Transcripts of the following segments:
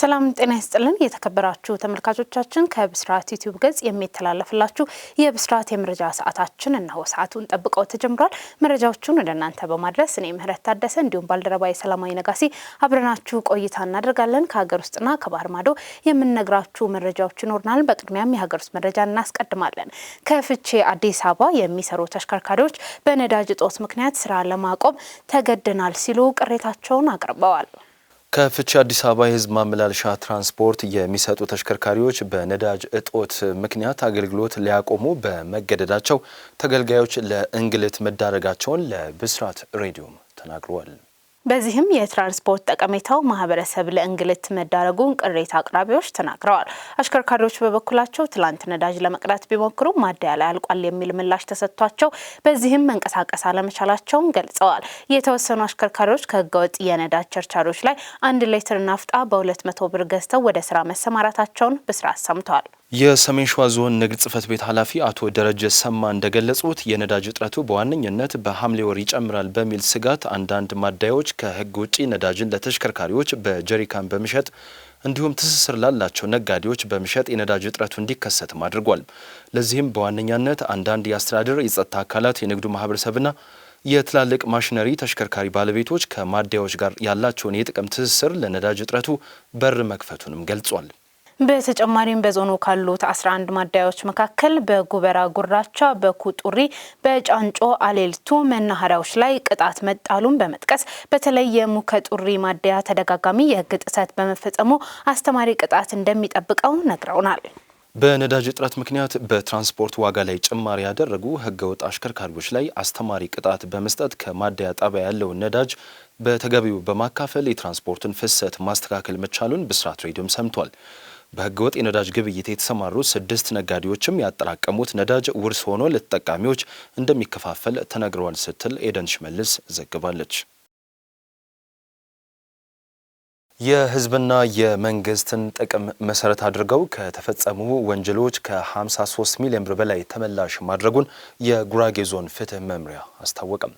ሰላም ጤና ይስጥልን። የተከበራችሁ ተመልካቾቻችን ከብስራት ዩቲዩብ ገጽ የሚተላለፍላችሁ የብስራት የመረጃ ሰዓታችን እነሆ ሰዓቱን ጠብቀው ተጀምሯል። መረጃዎቹን ወደ እናንተ በማድረስ እኔ ምህረት ታደሰ እንዲሁም ባልደረባ የሰላማዊ ነጋሴ አብረናችሁ ቆይታ እናደርጋለን። ከሀገር ውስጥና ከባህር ማዶ የምንነግራችሁ መረጃዎች ይኖርናል። በቅድሚያም የሀገር ውስጥ መረጃ እናስቀድማለን። ከፍቼ አዲስ አበባ የሚሰሩ ተሽከርካሪዎች በነዳጅ እጦት ምክንያት ስራ ለማቆም ተገደናል ሲሉ ቅሬታቸውን አቅርበዋል። ከፍቼ አዲስ አበባ የህዝብ ማመላለሻ ትራንስፖርት የሚሰጡ ተሽከርካሪዎች በነዳጅ እጦት ምክንያት አገልግሎት ሊያቆሙ በመገደዳቸው ተገልጋዮች ለእንግልት መዳረጋቸውን ለብስራት ሬዲዮም ተናግረዋል። በዚህም የትራንስፖርት ጠቀሜታው ማህበረሰብ ለእንግልት መዳረጉን ቅሬታ አቅራቢዎች ተናግረዋል። አሽከርካሪዎች በበኩላቸው ትላንት ነዳጅ ለመቅዳት ቢሞክሩ ማደያ ላይ አልቋል የሚል ምላሽ ተሰጥቷቸው በዚህም መንቀሳቀስ አለመቻላቸውን ገልጸዋል። የተወሰኑ አሽከርካሪዎች ከህገወጥ የነዳጅ ቸርቻሪዎች ላይ አንድ ሌትር ናፍጣ በሁለት መቶ ብር ገዝተው ወደ ስራ መሰማራታቸውን ብስራት ሰምተዋል። የሰሜን ሸዋ ዞን ንግድ ጽፈት ቤት ኃላፊ አቶ ደረጀ ሰማ እንደገለጹት የነዳጅ እጥረቱ በዋነኝነት በሐምሌ ወር ይጨምራል በሚል ስጋት አንዳንድ ማደያዎች ከህግ ውጪ ነዳጅን ለተሽከርካሪዎች በጀሪካን በመሸጥ እንዲሁም ትስስር ላላቸው ነጋዴዎች በመሸጥ የነዳጅ እጥረቱ እንዲከሰትም አድርጓል። ለዚህም በዋነኛነት አንዳንድ የአስተዳደር የጸጥታ አካላት፣ የንግዱ ማህበረሰብና የትላልቅ ማሽነሪ ተሽከርካሪ ባለቤቶች ከማደያዎች ጋር ያላቸውን የጥቅም ትስስር ለነዳጅ እጥረቱ በር መክፈቱንም ገልጿል። በተጨማሪም በዞኑ ካሉት 11 ማደያዎች መካከል በጉበራ ጉራቻ፣ በኩጡሪ፣ በጫንጮ አሌልቱ መናኸሪያዎች ላይ ቅጣት መጣሉን በመጥቀስ በተለይ የሙከጡሪ ማደያ ተደጋጋሚ የህግ ጥሰት በመፈጸሙ አስተማሪ ቅጣት እንደሚጠብቀው ነግረውናል። በነዳጅ እጥረት ምክንያት በትራንስፖርት ዋጋ ላይ ጭማሪ ያደረጉ ህገወጥ አሽከርካሪዎች ላይ አስተማሪ ቅጣት በመስጠት ከማደያ ጣቢያ ያለውን ነዳጅ በተገቢው በማካፈል የትራንስፖርትን ፍሰት ማስተካከል መቻሉን ብስራት ሬዲዮም ሰምቷል። በህገወጥ የነዳጅ ግብይት የተሰማሩ ስድስት ነጋዴዎችም ያጠራቀሙት ነዳጅ ውርስ ሆኖ ለተጠቃሚዎች እንደሚከፋፈል ተነግረዋል ስትል ኤደን ሽመልስ ዘግባለች። የህዝብና የመንግስትን ጥቅም መሰረት አድርገው ከተፈጸሙ ወንጀሎች ከ53 ሚሊዮን ብር በላይ ተመላሽ ማድረጉን የጉራጌ ዞን ፍትህ መምሪያ አስታወቀም።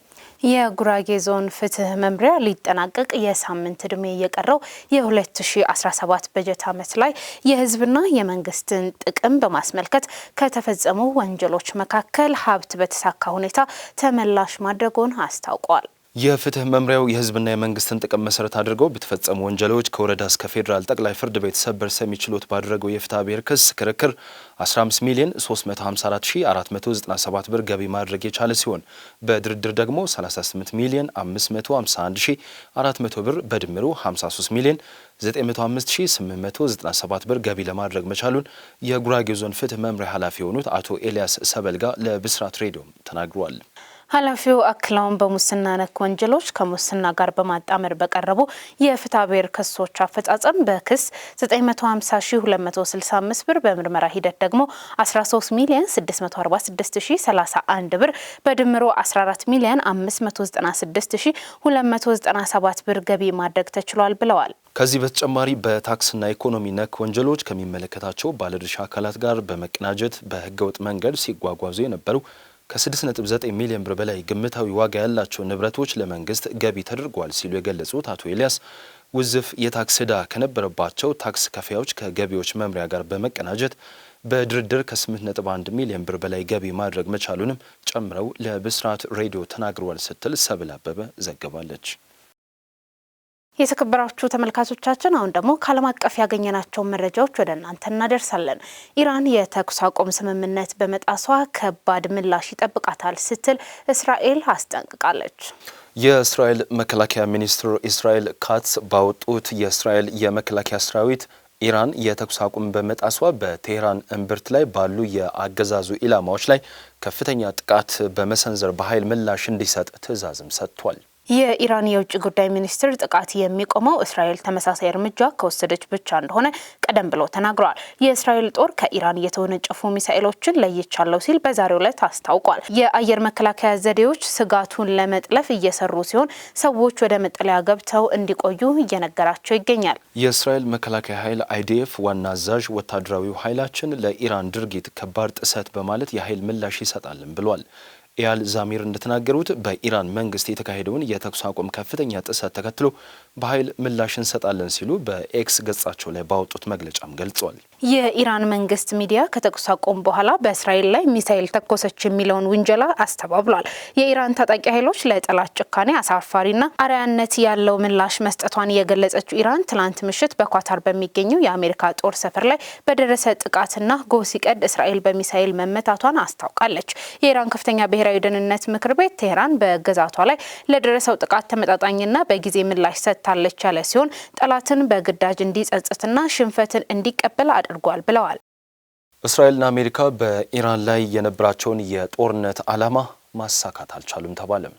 የጉራጌ ዞን ፍትህ መምሪያ ሊጠናቀቅ የሳምንት ዕድሜ የቀረው የ2017 በጀት ዓመት ላይ የህዝብና የመንግስትን ጥቅም በማስመልከት ከተፈጸሙ ወንጀሎች መካከል ሀብት በተሳካ ሁኔታ ተመላሽ ማድረጉን አስታውቋል። የፍትህ መምሪያው የህዝብና የመንግስትን ጥቅም መሰረት አድርገው በተፈጸሙ ወንጀሎች ከወረዳ እስከ ፌዴራል ጠቅላይ ፍርድ ቤት ሰበር ሰሚ ችሎት ባደረገው የፍትሐ ብሔር ክስ ክርክር 15 ሚሊዮን 354497 ብር ገቢ ማድረግ የቻለ ሲሆን በድርድር ደግሞ 38 ሚሊዮን 551400 ብር በድምሩ 53 ሚሊዮን 905897 ብር ገቢ ለማድረግ መቻሉን የጉራጌ ዞን ፍትህ መምሪያ ኃላፊ የሆኑት አቶ ኤልያስ ሰበልጋ ለብስራት ሬዲዮም ተናግረዋል። ኃላፊው አክላውን በሙስና ነክ ወንጀሎች ከሙስና ጋር በማጣመር በቀረቡ የፍትሐ ብሔር ክሶች አፈጻጸም በክስ 950265 ብር በምርመራ ሂደት ደግሞ 13 ሚሊዮን 646031 ብር በድምሮ 14 ሚሊዮን 596297 ብር ገቢ ማድረግ ተችሏል ብለዋል። ከዚህ በተጨማሪ በታክስና ኢኮኖሚ ነክ ወንጀሎች ከሚመለከታቸው ባለድርሻ አካላት ጋር በመቀናጀት በህገወጥ መንገድ ሲጓጓዙ የነበሩ ከ6.9 ሚሊዮን ብር በላይ ግምታዊ ዋጋ ያላቸው ንብረቶች ለመንግስት ገቢ ተደርጓል ሲሉ የገለጹት አቶ ኤልያስ ውዝፍ የታክስ ዕዳ ከነበረባቸው ታክስ ከፋዮች ከገቢዎች መምሪያ ጋር በመቀናጀት በድርድር ከ8.1 ሚሊዮን ብር በላይ ገቢ ማድረግ መቻሉንም ጨምረው ለብስራት ሬዲዮ ተናግረዋል ስትል ሰብል አበበ ዘግባለች። የተከበራችሁ ተመልካቾቻችን አሁን ደግሞ ከዓለም አቀፍ ያገኘናቸውን መረጃዎች ወደ እናንተ እናደርሳለን። ኢራን የተኩስ አቁም ስምምነት በመጣሷ ከባድ ምላሽ ይጠብቃታል ስትል እስራኤል አስጠንቅቃለች። የእስራኤል መከላከያ ሚኒስትር ኢስራኤል ካትስ ባወጡት የእስራኤል የመከላከያ ሰራዊት ኢራን የተኩስ አቁም በመጣሷ በቴህራን እምብርት ላይ ባሉ የአገዛዙ ኢላማዎች ላይ ከፍተኛ ጥቃት በመሰንዘር በኃይል ምላሽ እንዲሰጥ ትዕዛዝም ሰጥቷል። የኢራን የውጭ ጉዳይ ሚኒስትር ጥቃት የሚቆመው እስራኤል ተመሳሳይ እርምጃ ከወሰደች ብቻ እንደሆነ ቀደም ብሎ ተናግረዋል። የእስራኤል ጦር ከኢራን የተወነጨፉ ሚሳኤሎችን ለይቻለው ሲል በዛሬው ዕለት አስታውቋል። የአየር መከላከያ ዘዴዎች ስጋቱን ለመጥለፍ እየሰሩ ሲሆን ሰዎች ወደ መጠለያ ገብተው እንዲቆዩ እየነገራቸው ይገኛል። የእስራኤል መከላከያ ኃይል አይዲኤፍ ዋና አዛዥ ወታደራዊው ኃይላችን ለኢራን ድርጊት ከባድ ጥሰት በማለት የኃይል ምላሽ ይሰጣልን ብሏል። ኤያል ዛሚር እንደተናገሩት በኢራን መንግስት የተካሄደውን የተኩስ አቁም ከፍተኛ ጥሰት ተከትሎ በኃይል ምላሽ እንሰጣለን ሲሉ በኤክስ ገጻቸው ላይ ባወጡት መግለጫም ገልጿል። የኢራን መንግስት ሚዲያ ከተኩስ አቁም በኋላ በእስራኤል ላይ ሚሳኤል ተኮሰች የሚለውን ውንጀላ አስተባብሏል። የኢራን ታጣቂ ኃይሎች ለጠላት ጭካኔ አሳፋሪና አርያነት ያለው ምላሽ መስጠቷን የገለጸችው ኢራን ትናንት ምሽት በኳታር በሚገኘው የአሜሪካ ጦር ሰፈር ላይ በደረሰ ጥቃትና ጎህ ሲቀድ እስራኤል በሚሳኤል መመታቷን አስታውቃለች። የኢራን ከፍተኛ ብሔራዊ ደህንነት ምክር ቤት ቴህራን በግዛቷ ላይ ለደረሰው ጥቃት ተመጣጣኝና በጊዜ ምላሽ ሰጥ ተሰርታለች ያለ ሲሆን ጠላትን በግዳጅ እንዲጸጽትና ሽንፈትን እንዲቀበል አድርጓል ብለዋል። እስራኤልና አሜሪካ በኢራን ላይ የነበራቸውን የጦርነት ዓላማ ማሳካት አልቻሉም ተባለም።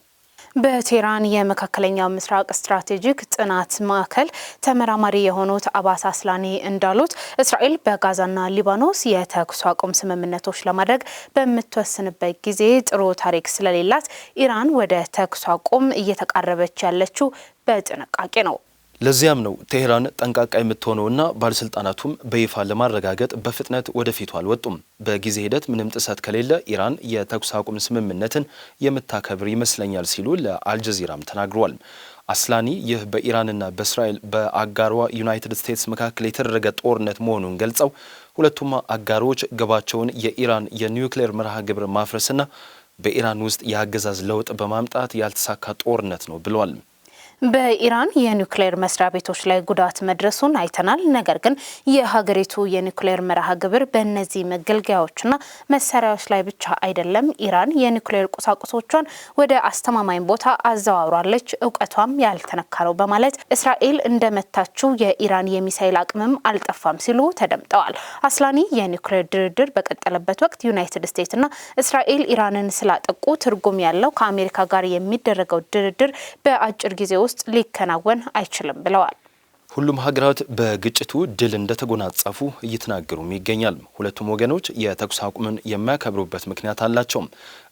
በቴህራን የመካከለኛው ምስራቅ ስትራቴጂክ ጥናት ማዕከል ተመራማሪ የሆኑት አባስ አስላኒ እንዳሉት እስራኤል በጋዛና ሊባኖስ የተኩስ አቁም ስምምነቶች ለማድረግ በምትወስንበት ጊዜ ጥሩ ታሪክ ስለሌላት ኢራን ወደ ተኩስ አቁም እየተቃረበች ያለችው በጥንቃቄ ነው። ለዚያም ነው ቴሄራን ጠንቃቃ የምትሆነውና ባለስልጣናቱም በይፋ ለማረጋገጥ በፍጥነት ወደፊቱ አልወጡም። በጊዜ ሂደት ምንም ጥሰት ከሌለ ኢራን የተኩስ አቁም ስምምነትን የምታከብር ይመስለኛል ሲሉ ለአልጀዚራም ተናግረዋል። አስላኒ ይህ በኢራንና በእስራኤል በአጋሯ ዩናይትድ ስቴትስ መካከል የተደረገ ጦርነት መሆኑን ገልጸው ሁለቱም አጋሮች ግባቸውን የኢራን የኒውክሌር መርሃ ግብር ማፍረስና በኢራን ውስጥ የአገዛዝ ለውጥ በማምጣት ያልተሳካ ጦርነት ነው ብለዋል። በኢራን የኒውክሌር መስሪያ ቤቶች ላይ ጉዳት መድረሱን አይተናል። ነገር ግን የሀገሪቱ የኒውክሌር መርሃ ግብር በእነዚህ መገልገያዎችና መሳሪያዎች ላይ ብቻ አይደለም። ኢራን የኒውክሌር ቁሳቁሶቿን ወደ አስተማማኝ ቦታ አዘዋውራለች፣ እውቀቷም ያልተነካረው በማለት እስራኤል እንደመታችው የኢራን የሚሳይል አቅምም አልጠፋም ሲሉ ተደምጠዋል። አስላኒ የኒውክሌር ድርድር በቀጠለበት ወቅት ዩናይትድ ስቴትስና እስራኤል ኢራንን ስላጠቁ ትርጉም ያለው ከአሜሪካ ጋር የሚደረገው ድርድር በአጭር ጊዜ ውስጥ ሊከናወን አይችልም ብለዋል። ሁሉም ሀገራት በግጭቱ ድል እንደተጎናጸፉ እየተናገሩም ይገኛል። ሁለቱም ወገኖች የተኩስ አቁምን የሚያከብሩበት ምክንያት አላቸው።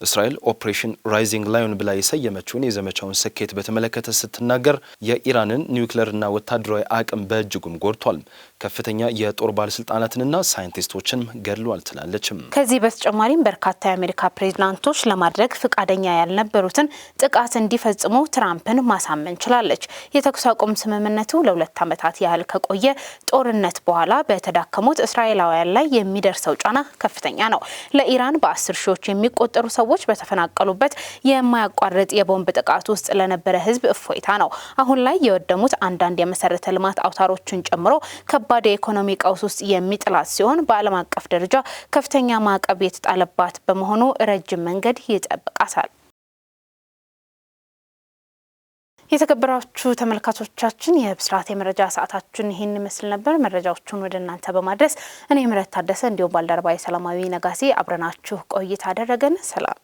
እስራኤል ኦፕሬሽን ራይዚንግ ላዮን ብላ የሰየመችውን የዘመቻውን ስኬት በተመለከተ ስትናገር የኢራንን ኒውክሌርና ወታደራዊ አቅም በእጅጉም ጎድቷል። ከፍተኛ የጦር ባለስልጣናትንና ሳይንቲስቶችን ገድሏል ትላለችም። ከዚህ በተጨማሪም በርካታ የአሜሪካ ፕሬዚዳንቶች ለማድረግ ፈቃደኛ ያልነበሩትን ጥቃት እንዲፈጽሙ ትራምፕን ማሳመን ችላለች። የተኩስ አቁም ስምምነቱ ለሁለት ዓመታት ያህል ከቆየ ጦርነት በኋላ በተዳከሙት እስራኤላውያን ላይ የሚደርሰው ጫና ከፍተኛ ነው። ለኢራን በአስር ሺዎች የሚቆጠሩ ሰዎች በተፈናቀሉበት የማያቋርጥ የቦምብ ጥቃት ውስጥ ለነበረ ህዝብ እፎይታ ነው። አሁን ላይ የወደሙት አንዳንድ የመሰረተ ልማት አውታሮችን ጨምሮ ከባድ የኢኮኖሚ ቀውስ ውስጥ የሚጥላት ሲሆን በዓለም አቀፍ ደረጃ ከፍተኛ ማዕቀብ የተጣለባት በመሆኑ ረጅም መንገድ ይጠብቃታል። የተከበራችሁ ተመልካቾቻችን የብስራት የመረጃ ሰዓታችን ይህን ይመስል ነበር። መረጃዎቹን ወደ እናንተ በማድረስ እኔ ምረት ታደሰ እንዲሁም ባልደረባዊ ሰላማዊ ነጋሴ አብረናችሁ ቆይታ አደረገን። ሰላም